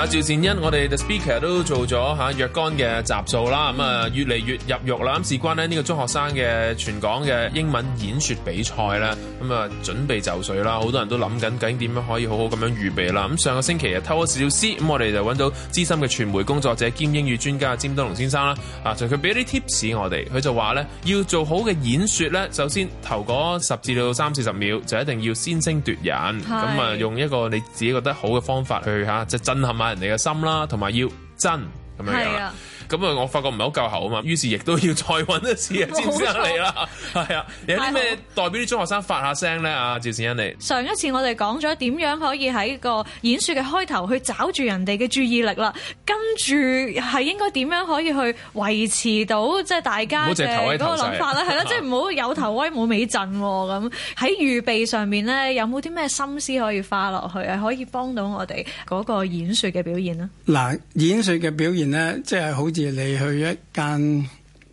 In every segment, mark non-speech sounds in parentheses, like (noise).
啊，趙善恩，我哋 the speaker 都做咗吓、啊、若干嘅集數啦，咁啊越嚟越入肉啦。咁、啊、事關咧呢、這個中學生嘅全港嘅英文演說比賽咧，咁啊準備就緒啦。好多人都諗緊緊點樣可以好好咁樣預備啦。咁、啊、上個星期偷 C, 啊偷咗少少師咁我哋就揾到資深嘅傳媒工作者兼英語專家詹德隆先生啦。啊，就佢俾啲 tips 我哋，佢就話咧要做好嘅演說咧，首先頭嗰十至到三四十秒就一定要先聲奪人，咁是啊用一個你自己覺得好嘅方法去吓即係震撼啊！人哋嘅心啦，同埋要真咁樣。係啊。咁啊，我發覺唔係好夠喉啊嘛，於是亦都要再搵一次趙善欣嚟啦，係啊！有啲咩代表啲中學生發下聲咧啊，趙善欣嚟。上一次我哋講咗點樣可以喺個演説嘅開頭去找住人哋嘅注意力啦，跟住係應該點樣可以去維持到即係大家好多諗法啦，係啦，即係唔好有頭威冇尾 (laughs) 陣咁、啊。喺預備上面咧，有冇啲咩心思可以花落去啊？可以幫到我哋嗰個演説嘅表現咧？嗱，演説嘅表現咧，即係好似～你去一間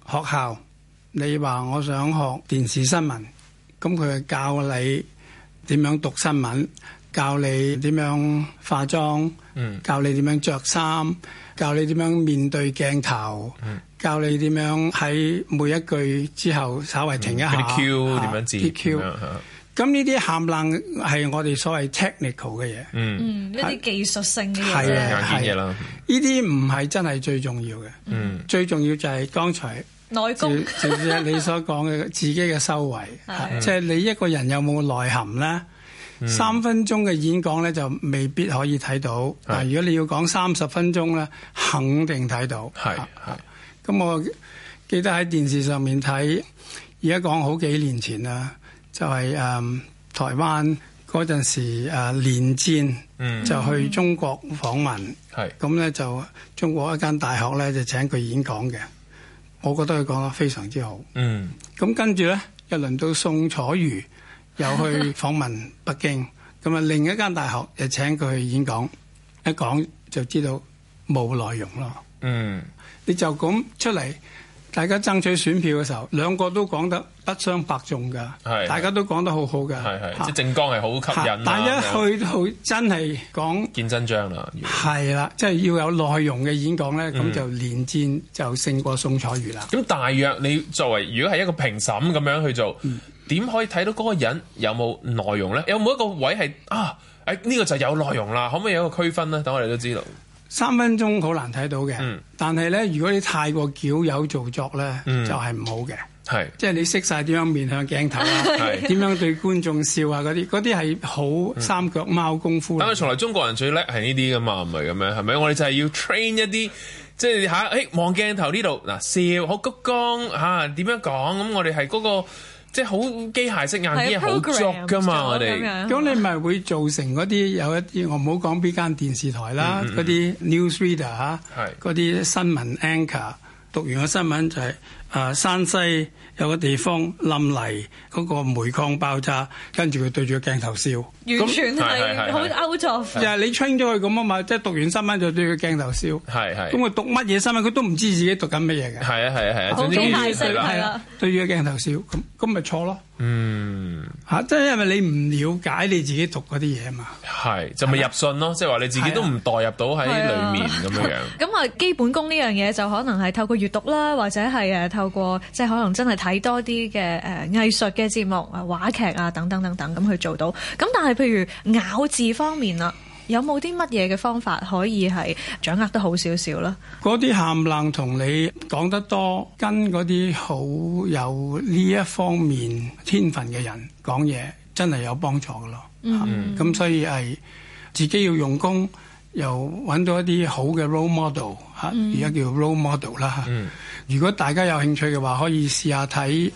學校，你話我想學電視新聞，咁佢就教你點樣讀新聞，教你點樣化妝，教你點樣着衫，教你點樣面對鏡頭，教你點樣喺每一句之後稍為停一下，啲、嗯、Q 點樣字，咁、啊咁呢啲喊冷係我哋所謂 technical 嘅嘢，嗯，一啲技術性嘅嘢啦，係啊，呢啲唔係真係最重要嘅，嗯，最重要就係剛才內內功， (laughs) 你所講嘅自己嘅修為，即係的你一個人有冇內涵咧，三、嗯、分鐘嘅演講咧就未必可以睇到，的但如果你要講三十分鐘咧，肯定睇到，係係的，咁、啊啊啊、我記得喺電視上面睇，而家講好幾年前啦。就係、是、誒、呃、台灣嗰陣時誒、呃、連戰，嗯、就去中國訪問，咁咧是就中國一間大學咧就請佢演講嘅，我覺得佢講得非常之好。咁、嗯、跟住咧，又輪到宋楚瑜又去訪問北京，咁啊 (laughs) 另一間大學就請佢去演講，一講就知道冇內容咯。嗯，你就咁出嚟。大家爭取選票嘅時候，兩個都講得不相伯仲噶，的大家都講得好好噶，即係政綱係好吸引。大家去到真係講見真章啦，係、yeah. 啦，即係要有內容嘅演講咧，咁就連戰就勝過宋楚瑜啦。咁、嗯、大約你作為如果係一個評審咁樣去做，點、嗯、可以睇到嗰個人有冇內容咧？有冇一個位係啊？誒、哎、呢、這個就有內容啦，可唔可以有一個區分咧？等我哋都知道。三分鐘好難睇到嘅，嗯、但係咧，如果你太過矯揉做作咧，嗯、就係唔好嘅。係是，即係你識晒點樣面向鏡頭啊，點 (laughs) 是樣對觀眾笑啊，嗰啲嗰啲係好三腳貓功夫、嗯。但係啊，從來中國人最叻係呢啲㗎嘛，唔係咁樣係咪？我哋就係要 train 一啲，即係嚇，誒、啊、望、欸、鏡頭呢度嗱笑，好鞠躬嚇，點、啊、樣講咁？我哋係嗰個。即係好機械式硬件，好足㗎嘛！我哋咁你咪樣 (laughs) 會造成嗰啲有一啲，我唔好講邊間電視台啦，嗰啲 news reader 吓，嗰啲新聞 anchor (laughs) 讀完個新聞就係、是。誒、啊、山西有個地方冧嚟嗰個煤礦爆炸，跟住佢對住個鏡頭笑，完全係好 out。就係你 train 咗佢咁啊嘛，即係讀完新聞就對住個鏡頭笑。係係，咁佢讀乜嘢新聞？佢都唔知自己讀緊乜嘢嘅。係啊係啊係啊，好大聲，係啦、啊，對住個鏡頭笑，咁咁咪錯咯。嗯，吓，即係因為你唔了解你自己讀嗰啲嘢啊嘛，係就咪、是、入信咯，吧即係話你自己都唔代入到喺裏面咁樣。咁啊， (laughs) 基本功呢樣嘢就可能係透過閲讀啦，或者係誒透過即係、就是、可能真係睇多啲嘅誒藝術嘅節目啊、話劇啊等等等等咁去做到。咁但係譬如咬字方面啊。有冇啲乜嘢嘅方法可以係掌握得好少少咧？嗰啲喊冷同你講得多，跟嗰啲好有呢一方面天分嘅人講嘢，真係有幫助嘅咯。咁、嗯啊、所以係自己要用功，又揾到一啲好嘅 role model 嚇、啊，而家叫 role model 啦、啊。嗯，如果大家有興趣嘅話，可以試下睇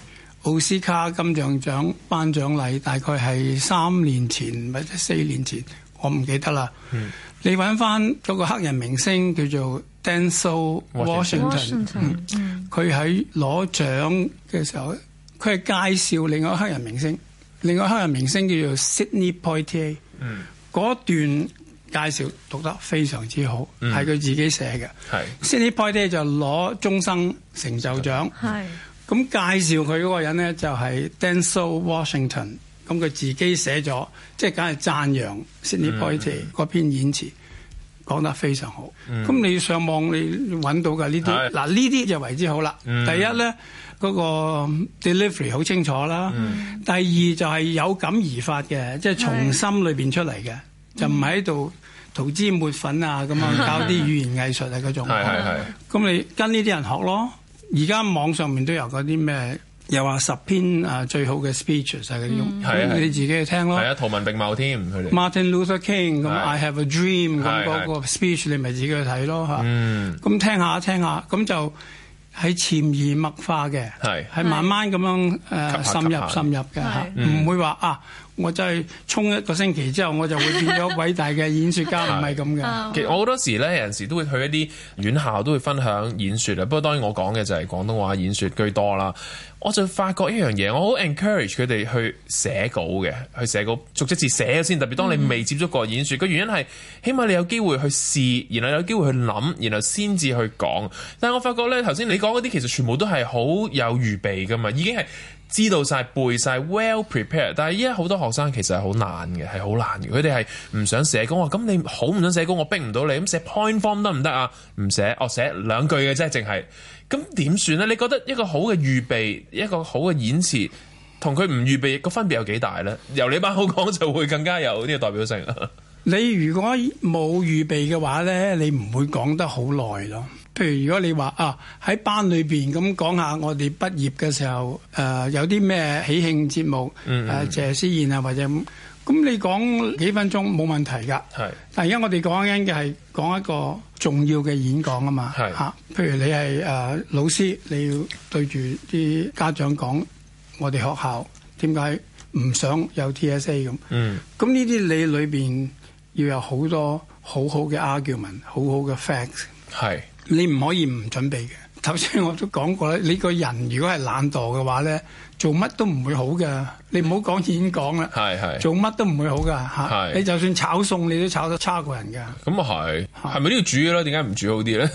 奧斯卡金像獎頒獎禮，大概係三年前或者四年前。我唔記得啦。嗯、你揾翻嗰個黑人明星叫做 Denzel Washington，佢喺攞獎嘅時候，佢係介紹另外一個黑人明星，另外一個黑人明星叫做 Sydney Poitier。嗰段介紹讀得非常之好，係佢、嗯、自己寫嘅。是 Sydney Poitier 就攞終生成就獎。咁是介紹佢嗰個人咧，就係、是、Denzel、so、Washington。咁佢自己寫咗，即係梗係讚揚 Sidney Poitier 嗰篇演辭講得非常好。咁你上網，你揾到㗎呢啲。嗱，呢啲就為之好啦。第一咧，嗰個 delivery 好清楚啦。第二就係有感而發嘅，即係從心裏邊出嚟嘅，就唔係喺度塗脂抹粉啊咁樣，教啲語言藝術啊嗰種。係係係。咁你跟呢啲人學咯。而家網上面都有嗰啲咩？又話十篇啊，最好嘅 speech，就係佢用，係你自己去聽咯。係啊，圖文並茂添，Martin Luther King 咁，I have a dream 咁嗰個 speech，你咪自己去睇咯吓，嗯。咁聽下聽下，咁就喺潛移默化嘅，係，係慢慢咁樣誒深入深入嘅吓，唔會話啊。我真係衝一個星期之後，我就會變咗偉大嘅演說家，唔係咁㗎。其實我好多時呢，有陣時都會去一啲院校，都會分享演說啦。不過當然我講嘅就係廣東話演說居多啦。我就發覺一樣嘢，我好 encourage 佢哋去寫稿嘅，去寫稿逐隻字寫先。特別當你未接觸過演說，個原因係起碼你有機會去試，然後有機會去諗，然後先至去講。但係我發覺呢，頭先你講嗰啲其實全部都係好有預備噶嘛，已經係。知道晒、背晒 well prepared。但係依家好多學生其實係好難嘅，係好難嘅。佢哋係唔想寫稿，咁你好唔想寫稿，我逼唔到你。咁寫 point form 得唔得啊？唔寫，我、哦、寫兩句嘅啫，淨係。咁點算咧？你覺得一個好嘅預備，一個好嘅演辭，同佢唔預備個分別有幾大呢？由你班好講就會更加有呢個代表性。 (laughs) 你如果冇預備嘅話呢，你唔會講得好耐咯。譬如如果你話啊喺班裏邊咁講下我哋畢業嘅時候，誒、呃、有啲咩喜慶節目，誒、嗯嗯啊、謝師宴啊或者咁，咁、嗯、你講幾分鐘冇問題噶。是但係而家我哋講緊嘅係講一個重要嘅演講啊嘛。係吓是、啊、譬如你係誒、呃、老師你要對住啲家長講我哋學校點解唔想有 TSA 咁。嗯，咁呢啲你裏邊要有好多好好嘅 argument，好好嘅 facts 是。係。你唔可以唔準備嘅，頭先我都講過啦。你個人如果係懶惰嘅話咧。做乜都唔會好㗎，你唔好講演講啦。係係。做乜都唔會好噶嚇。係。是是 你就算炒餸，你都炒得差過人㗎。咁啊係。係咪都要煮嘅咯？點解唔煮好啲咧？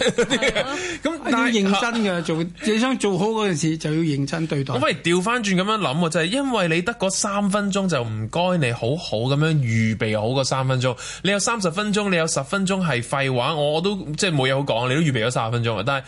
咁你要認真嘅 (laughs) 做，你想做好嗰件事就要認真對待。我反而調翻轉咁樣諗喎，就係、是、因為你得嗰三分鐘就唔該你好好咁樣預備好嗰三分鐘。你有三十分鐘，你有十分鐘係廢話，我都即係冇嘢好講，你都預備咗三十分鐘啊，但係。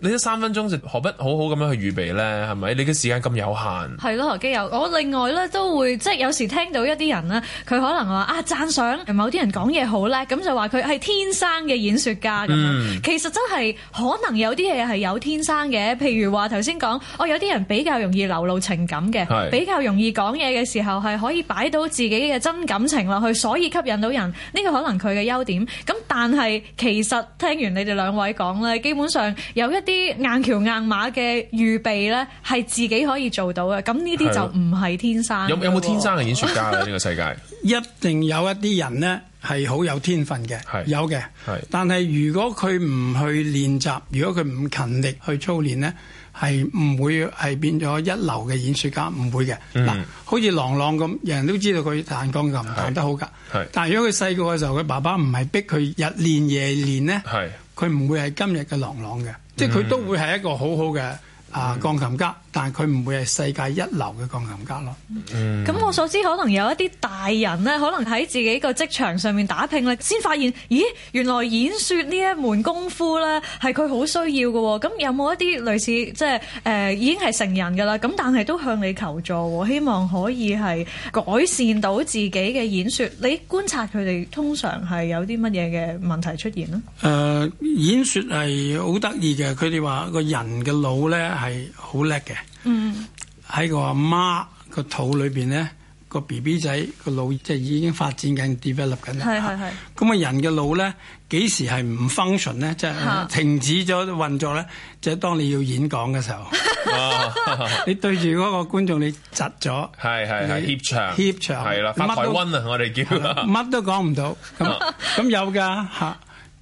你得三分鐘，就何不好好咁樣去預備呢？係咪？你嘅時間咁有限。係咯、何基友。我另外咧都會，即係有時聽到一啲人呢，佢可能話啊讚賞某啲人講嘢好叻，咁就話佢係天生嘅演說家咁、mm. 其實真係可能有啲嘢係有天生嘅，譬如話頭先講，我有啲人比較容易流露情感嘅，是比較容易講嘢嘅時候係可以擺到自己嘅真感情落去，所以吸引到人。呢、這個可能佢嘅優點。咁但係其實聽完你哋兩位講咧，基本上有一啲硬橋硬馬嘅預備咧，係自己可以做到嘅。咁呢啲就唔係天生嘅。有有冇天生嘅演說家咧？呢個世界一定有一啲人呢，係好有天分嘅，有嘅。但係如果佢唔去練習，如果佢唔勤力去操練呢，係唔會係變咗一流嘅演說家，唔會嘅。嗱、嗯，好似朗朗咁，人人都知道佢彈鋼琴是彈得好㗎。是但係如果佢細個嘅時候，佢爸爸唔係逼佢日練夜練呢，係是，佢唔會係今日嘅朗朗嘅。即係佢都會係一個好好嘅。啊，鋼琴家，但係佢唔會係世界一流嘅鋼琴家咯。咁、嗯、我所知可能有一啲大人呢，可能喺自己個職場上面打拼咧，先發現，咦，原來演說呢一門功夫咧，係佢好需要嘅。咁有冇一啲類似即係誒、呃、已經係成人㗎啦？咁但係都向你求助，希望可以係改善到自己嘅演說。你觀察佢哋通常係有啲乜嘢嘅問題出現咧？誒、呃，演說係好得意嘅。佢哋話個人嘅腦咧。係好叻嘅，喺、嗯、個阿媽個肚裏邊咧，個 B B 仔個腦即係已經發展緊、develop 緊啦。係係係。咁啊、嗯，人嘅腦咧，幾時係唔 function 咧？即係停止咗運作咧？即、就、係、是、當你要演講嘅時候， (laughs) (laughs) 你對住嗰個觀眾，你窒咗，係係係怯場，怯場係啦，發台瘟 (laughs) 啊，我哋叫乜都講唔到，咁咁有噶吓。啊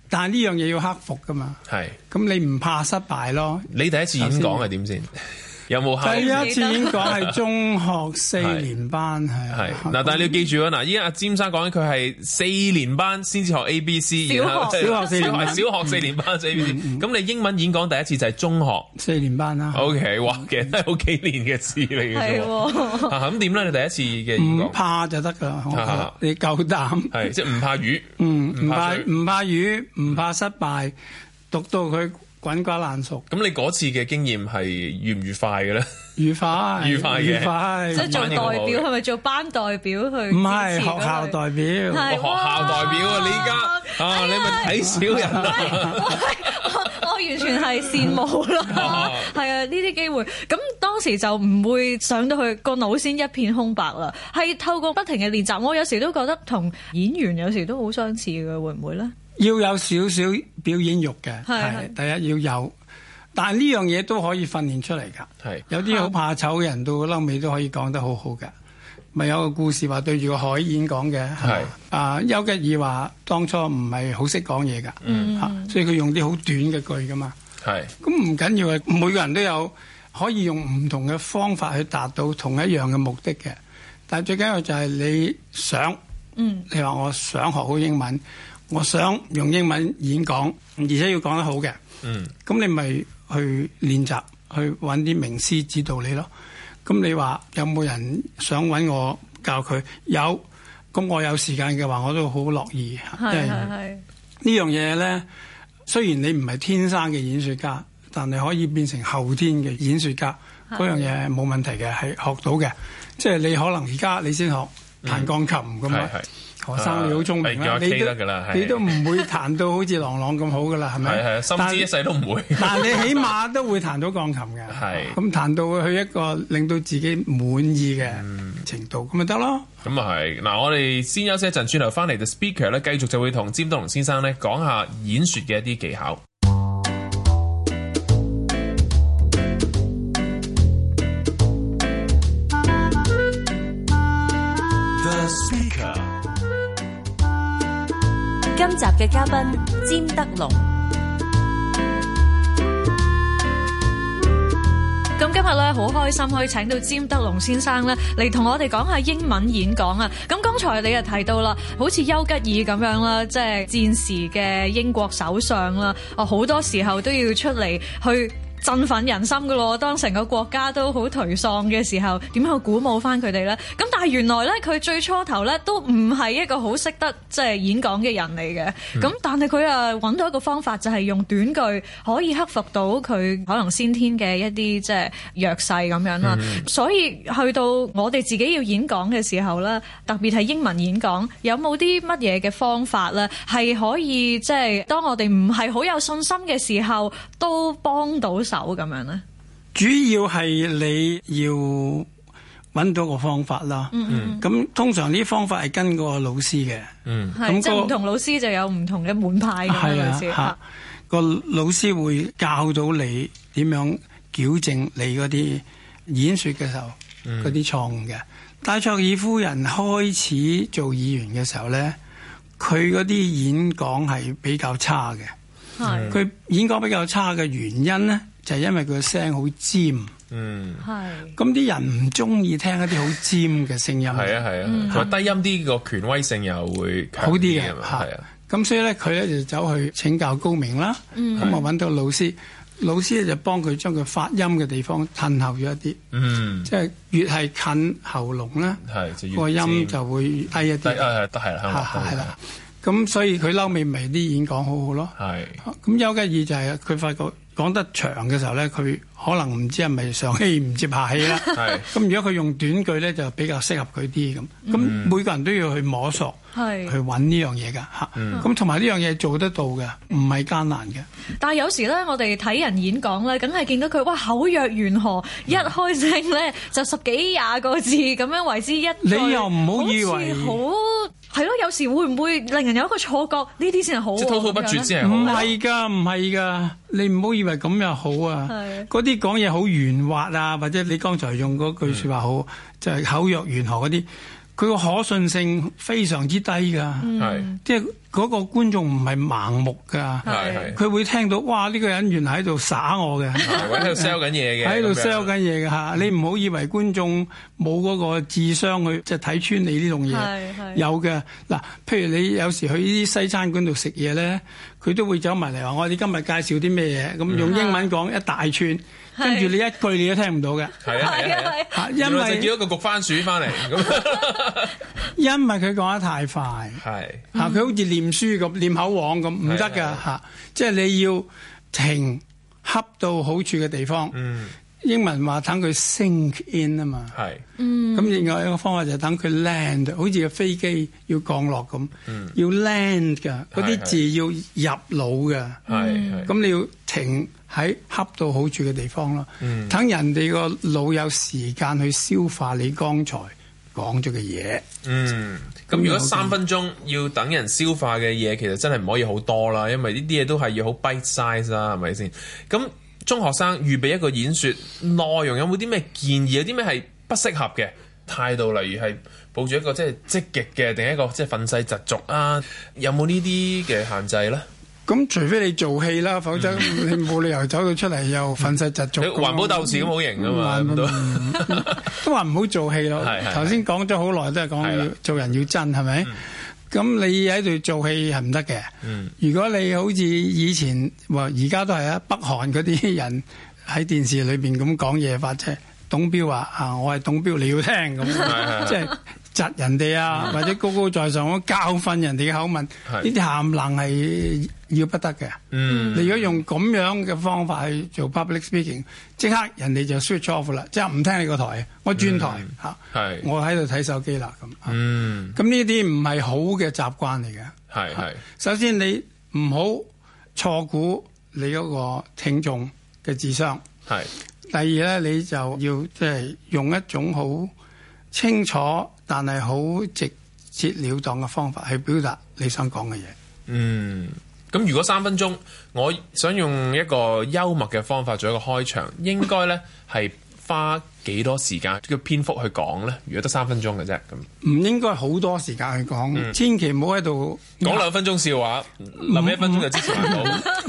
但係呢樣嘢要克服㗎嘛？係是。咁你唔怕失敗咯？你第一次演講係點先？剛才 (laughs) 有冇？考第一次演講係中學四年班，係係。嗱，但係你要記住啊！嗱，依家阿詹生講緊佢係四年班先至學 A B C，小學小學四年，小學四年班 A B C。咁你英文演講第一次就係中學四年班啦。OK，哇，其實都係好幾年嘅事嚟嘅。咁點咧？你第一次嘅演講，唔怕就得㗎。你夠膽係，即係唔怕魚。唔怕，唔怕魚，唔怕失敗，讀到佢，滾瓜爛熟，咁你嗰次嘅經驗係愉唔愉快嘅咧？愉快，愉快愉快。嗯、即係做代表，係咪做班代表去？唔係學校代表，係、啊哦、學校代表啊！你依家啊，你咪睇小人啦、啊哎！我我完全係羨慕啦，係呵啊，呢啲機會，咁當時就唔會上到去個腦，先一片空白啦。係透過不停嘅練習，我有時都覺得同演員有時都好相似嘅，會唔會咧？要有少少表演欲嘅，係是是第一要有，但係呢樣嘢都可以訓練出嚟噶。係有啲好怕醜嘅人，到嬲尾都可以講得好好嘅。咪有個故事話，對住個海演講嘅，係啊邱吉爾話當初唔係好識講嘢噶，吓、嗯啊，所以佢用啲好短嘅句噶嘛。係咁唔緊要嘅，每個人都有可以用唔同嘅方法去達到同一樣嘅目的嘅。但係最緊要就係你想，嗯，你話我想學好英文。我想用英文演講，而且要講得好嘅。嗯，咁你咪去練習，去揾啲名師指導你咯。咁你話有冇人想揾我教佢？有，咁我有時間嘅話，我都好樂意。係係係。呢樣嘢呢，雖然你唔係天生嘅演說家，但你可以變成後天嘅演說家。嗰是樣嘢冇問題嘅，係學到嘅。即係你可能而家你先學彈鋼琴咁啊。嗯嗯是是學生你好聰明啊！做你都你都唔會彈到好似朗朗咁好噶啦，係咪？係啊。 (laughs) 是，甚至一世都唔會。但係你起碼都會彈到鋼琴嘅，係咁 (laughs) 彈到去一個令到自己滿意嘅程度咁咪得咯。咁啊係，嗱、就是、我哋先休息一陣，轉頭翻嚟就 speaker 咧，繼續就會同詹德隆先生咧講下演說嘅一啲技巧。今集嘅嘉賓詹德隆，咁今日咧好開心可以請到詹德隆先生咧嚟同我哋講下英文演講啊！咁剛才你又提到啦，好似邱吉爾咁樣啦，即係戰時嘅英國首相啦，哦好多時候都要出嚟去。振奮人心噶咯，當成個國家都好頹喪嘅時候，點去鼓舞翻佢哋咧？咁但係原來咧，佢最初頭咧都唔係一個好識得即係演講嘅人嚟嘅。咁、嗯、但係佢啊揾到一個方法，就係、是、用短句可以克服到佢可能先天嘅一啲即係弱勢咁樣啦。嗯、所以去到我哋自己要演講嘅時候咧，特別係英文演講，有冇啲乜嘢嘅方法咧，係可以即係、就是、當我哋唔係好有信心嘅時候都幫到手？咁樣咧，主要係你要揾到個方法啦。嗯、mm，咁、hmm. 通常呢啲方法係跟個老師嘅。嗯，咁唔同老師就有唔同嘅門派嘅。係啊，個、啊啊、老師會教到你點樣矯正你嗰啲演說嘅時候嗰啲錯誤嘅。戴卓爾夫人開始做議員嘅時候咧，佢嗰啲演講係比較差嘅。係、mm，佢、hmm. 演講比較差嘅原因咧。就係因為佢聲好尖，嗯，係咁啲人唔中意聽一啲好尖嘅聲音，係啊，係啊，同埋低音啲個權威性又會好啲嘅，係啊。咁所以咧，佢咧就走去請教高明啦，咁啊揾到老師，老師咧就幫佢將佢發音嘅地方褪後咗一啲，嗯，即係越係近喉嚨咧，個音就會低一啲，低係啦，香港都係啦。咁所以佢嬲尾咪啲演講好好咯，係。咁邱吉爾就係佢發覺。講得長嘅時候咧，佢可能唔知係咪上氣唔接下氣啦。咁 (laughs) 如果佢用短句咧，就比較適合佢啲咁。咁每個人都要去摸索，是去揾呢樣嘢噶嚇。咁同埋呢樣嘢做得到嘅，唔係、嗯、艱難嘅。但係有時咧，我哋睇人演講咧，梗係見到佢嘩口若懸河，一開聲咧就十幾廿個字咁樣為之一，你又唔好以為。好係咯，有時會唔會令人有一個錯覺？呢啲先係好，即滔滔不絕之類。唔係噶，唔係噶，你唔好以為咁樣好啊。嗰啲講嘢好圓滑啊，或者你剛才用嗰句説話好，就係、是、口若懸河嗰啲，佢個可信性非常之低㗎。嗯是，即。嗰個觀眾唔係盲目噶，佢會聽到哇！呢個人原來喺度耍我嘅，喺度 sell 緊嘢嘅，喺度 sell 緊嘢嘅吓。你唔好以為觀眾冇嗰個智商去即係睇穿你呢種嘢，有嘅嗱。譬如你有時去呢啲西餐館度食嘢咧，佢都會走埋嚟話：我哋今日介紹啲咩嘢？咁用英文講一大串，跟住你一句你都聽唔到嘅。係啊，係啊，因為叫一個焗番薯翻嚟，咁因為佢講得太快。係，吓佢好似念。唔輸咁念口簧咁唔得噶吓，是是是，即係你要停恰到好處嘅地方。嗯、英文話等佢 sink in 啊嘛。係，咁另外一個方法就等佢 land，好似個飛機要降落咁，嗯、要 land 噶，啲字要入腦嘅。係，咁你要停喺恰到好處嘅地方咯，等是人哋個腦有時間去消化你剛才講咗嘅嘢，嗯，咁如果三分鐘要等人消化嘅嘢，其實真係唔可以好多啦，因為呢啲嘢都係要好 bite size 啊，係咪先？咁中學生預備一個演說內容，有冇啲咩建議？有啲咩係不適合嘅態度？例如係抱住一個即係積極嘅，定一個即係憤世疾俗啊？有冇呢啲嘅限制呢？咁除非你做戲啦，否則你冇理由走到出嚟又粉曬窒足，環保鬥士咁冇型噶嘛？都話唔好做戲咯。頭先講咗好耐都係講做人要真，係咪？咁你喺度做戲係唔得嘅。如果你好似以前話而家都係啊，北韓嗰啲人喺電視裏邊咁講嘢，或者董彪話啊，我係董彪，你要聽咁，即係。窒人哋啊，或者高高在上，我教訓人哋嘅口吻，呢啲含能係要不得嘅。嗯，你如果用咁樣嘅方法去做 public speaking，即刻人哋就 switch off 啦，即係唔聽你個台，我轉台嚇，我喺度睇手機啦咁。嗯，咁呢啲唔係好嘅習慣嚟嘅。係，係，首先你唔好錯估你嗰個聽眾嘅智商。係，第二咧，你就要即係用一種好。清楚，但係好直接了當嘅方法去表達你想講嘅嘢。嗯，咁如果三分鐘，我想用一個幽默嘅方法做一個開場，應該咧係花幾多時間個篇幅去講咧？如果得三分鐘嘅啫，咁唔應該好多時間去講，嗯、千祈唔好喺度講兩分鐘笑話，諗、嗯、一分鐘就支持唔好，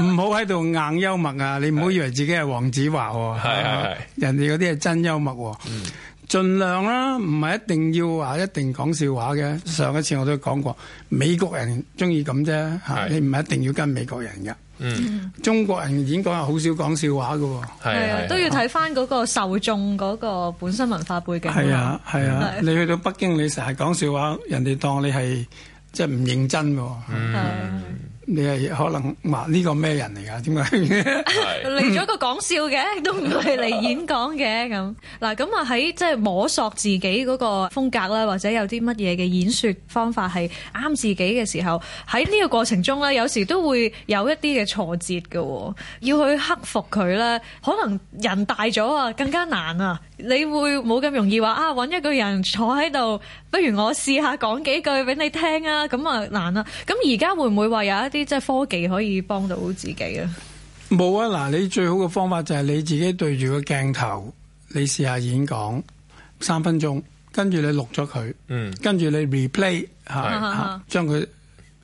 唔好喺度硬幽默啊！你唔好以為自己係黃子華、啊，係係人哋嗰啲係真幽默。嗯儘量啦，唔係一定要話一定講笑話嘅。上一次我都講過，美國人中意咁啫，嚇的你唔係一定要跟美國人嘅。嗯，中國人演講又好少講笑話嘅喎。係啊，都要睇翻嗰個受眾嗰個本身文化背景。係啊，係啊，的你去到北京，你成日講笑話，人哋當你係即係唔認真喎。嗯你係可能話呢 (laughs) 是 (laughs) 個咩人嚟噶？點解嚟咗個講笑嘅，都唔係嚟演講嘅咁。嗱，咁啊喺即係摸索自己嗰個風格啦，或者有啲乜嘢嘅演説方法係啱自己嘅時候，喺呢個過程中咧，有時都會有一啲嘅挫折嘅，要去克服佢咧。可能人大咗啊，更加難啊。你會冇咁容易話啊，揾一個人坐喺度，不如我試下講幾句俾你聽啊，咁啊難啦。咁而家會唔會話有一啲即係科技可以幫到自己啊？冇啊，嗱，你最好嘅方法就係你自己對住個鏡頭，你試下演講三分鐘，跟住你錄咗佢，嗯，跟住你 replay 吓將佢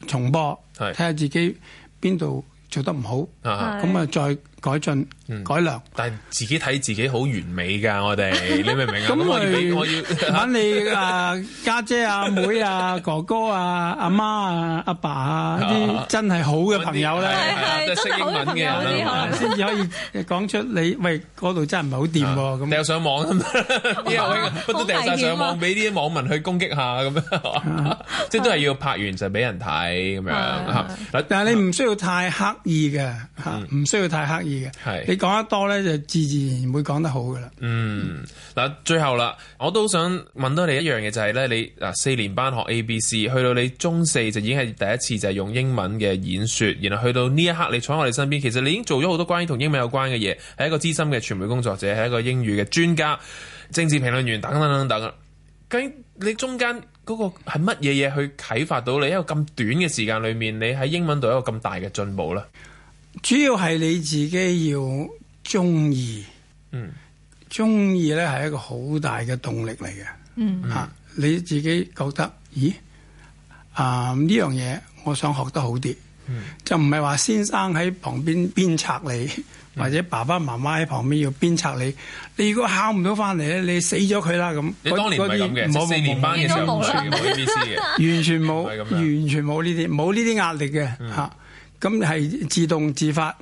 重播，睇下是自己邊度做得唔好，咁啊是是再。改進、改良，但係自己睇自己好完美㗎，我哋你明唔明啊？咁我要我要揾你啊家姐、啊妹、啊哥哥、啊阿媽、啊阿爸啊啲真係好嘅朋友咧，得識英文嘅先至可以講出你喂，嗰度真係唔係好掂喎咁。掉上網啊嘛，亦都掉曬上網俾啲網民去攻擊下咁樣，即係都係要拍完就俾人睇咁樣嚇。但係你唔需要太刻意嘅嚇，唔需要太刻意。係是你講得多咧，就自自然然會講得好噶啦。嗯，嗱，最後啦，我都想問多你一樣嘢，就係、是、咧，你嗱四年班學 A B C，去到你中四就已經係第一次就係用英文嘅演說，然後去到呢一刻你坐喺我哋身邊，其實你已經做咗好多關於同英文有關嘅嘢，係一個資深嘅傳媒工作者，係一個英語嘅專家、政治評論員等等等等。究竟你中間嗰個係乜嘢嘢去啟發到你，一個咁短嘅時間裏面，你喺英文度一個咁大嘅進步呢？主要係你自己要中意，嗯，中意咧係一個好大嘅動力嚟嘅，吓你自己覺得，咦，啊呢樣嘢我想學得好啲，嗯，就唔係話先生喺旁邊鞭策你，或者爸爸媽媽喺旁邊要鞭策你，你如果考唔到翻嚟咧，你死咗佢啦咁，你當年唔係咁嘅，冇、那個、四年班嘅時候，完全冇，完全冇呢啲，冇呢啲壓力嘅，吓。咁係自動自發，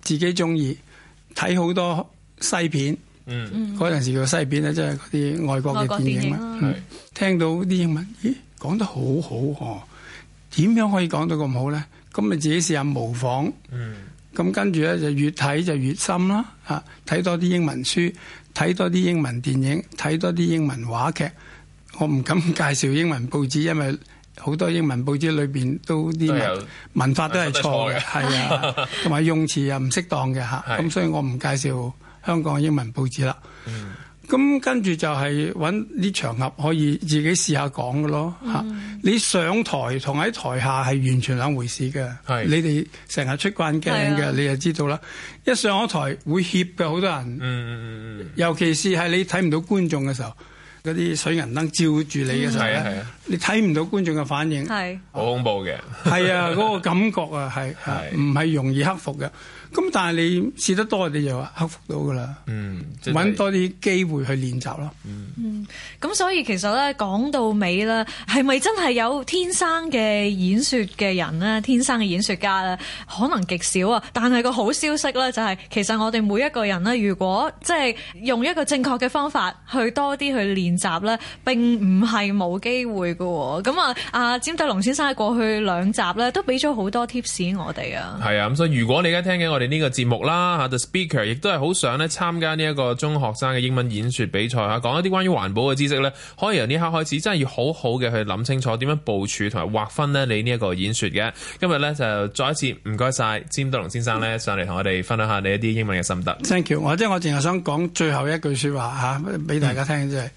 自己中意睇好多西片。嗯、嗰陣時叫西片咧，即係啲外國嘅電影啦。影啊、是聽到啲英文，咦，講得好好哦！點樣可以講到咁好咧？咁你自己試下模仿。嗯，咁跟住咧就越睇就越深啦。啊，睇多啲英文書，睇多啲英文電影，睇多啲英文話劇。我唔敢介紹英文報紙，因為。好多英文報紙裏邊都啲文，啊、文法都係錯嘅，係啊，同埋 (laughs) 用詞又唔適當嘅嚇。咁 (laughs) 所以我唔介紹香港嘅英文報紙啦。咁、嗯、跟住就係揾啲場合可以自己試下講嘅咯嚇。嗯、你上台同喺台下係完全兩回事嘅。係、嗯、你哋成日出慣鏡嘅，啊、你就知道啦。一上咗台會怯嘅好多人，嗯嗯嗯尤其是係你睇唔到觀眾嘅時候。嗰啲水銀燈照住你嘅時候，係啊係啊，啊你睇唔到觀眾嘅反應，係是好恐怖嘅、啊，係啊嗰個感覺啊，係嚇、啊，唔係 (laughs) 容易克服嘅。咁但係你試得多，你就克服到噶啦。嗯，揾多啲機會去練習咯。嗯，咁所以其實咧講到尾啦，係咪真係有天生嘅演說嘅人咧？天生嘅演說家咧，可能極少啊。但係個好消息咧，就係、是、其實我哋每一個人咧，如果即係、就是、用一個正確嘅方法去多啲去練習咧，並唔係冇機會嘅、哦。咁啊，阿詹德隆先生過去兩集咧，都俾咗好多 tips 我哋啊。係啊，咁所以如果你而家聽緊我。你呢個節目啦，吓 the speaker 亦都係好想咧參加呢一個中學生嘅英文演說比賽吓，講一啲關於環保嘅知識咧，可以由呢刻開始，真係要好好嘅去諗清楚點樣部署同埋劃分呢。你呢一個演說嘅。今日咧就再一次唔該晒詹德隆先生咧上嚟同我哋分享下你一啲英文嘅心得。Thank you，或者我淨係想講最後一句說話吓俾、啊、大家聽，mm. 即係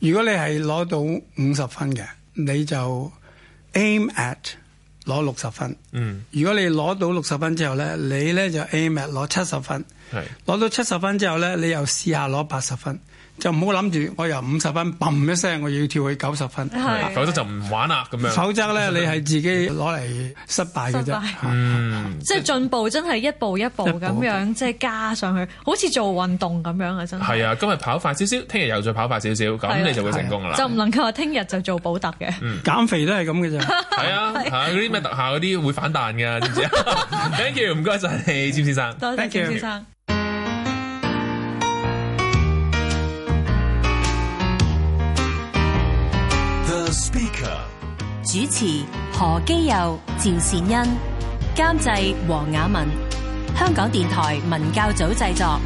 如果你係攞到五十分嘅，你就 aim at。攞六十分，嗯，如果你攞到六十分之後咧，你咧就 aim at 攞七十分，攞是到七十分之後咧，你又試下攞八十分。就唔好諗住，我由五十分嘣一聲，我要跳去九十分，否則就唔玩啦咁樣。否則咧，你係自己攞嚟失敗嘅啫。即係進步真係一步一步咁樣，即係加上去，好似做運動咁樣啊！真係。係啊，今日跑快少少，聽日又再跑快少少，咁你就會成功啦。就唔能夠話聽日就做保特嘅，減肥都係咁嘅啫。係啊，嗰啲咩特效，嗰啲會反彈㗎，知唔知？Thank you，唔該晒你，詹先生。多謝詹先生。主持何基佑、趙善欣，監製黃雅文，香港電台文教組製作。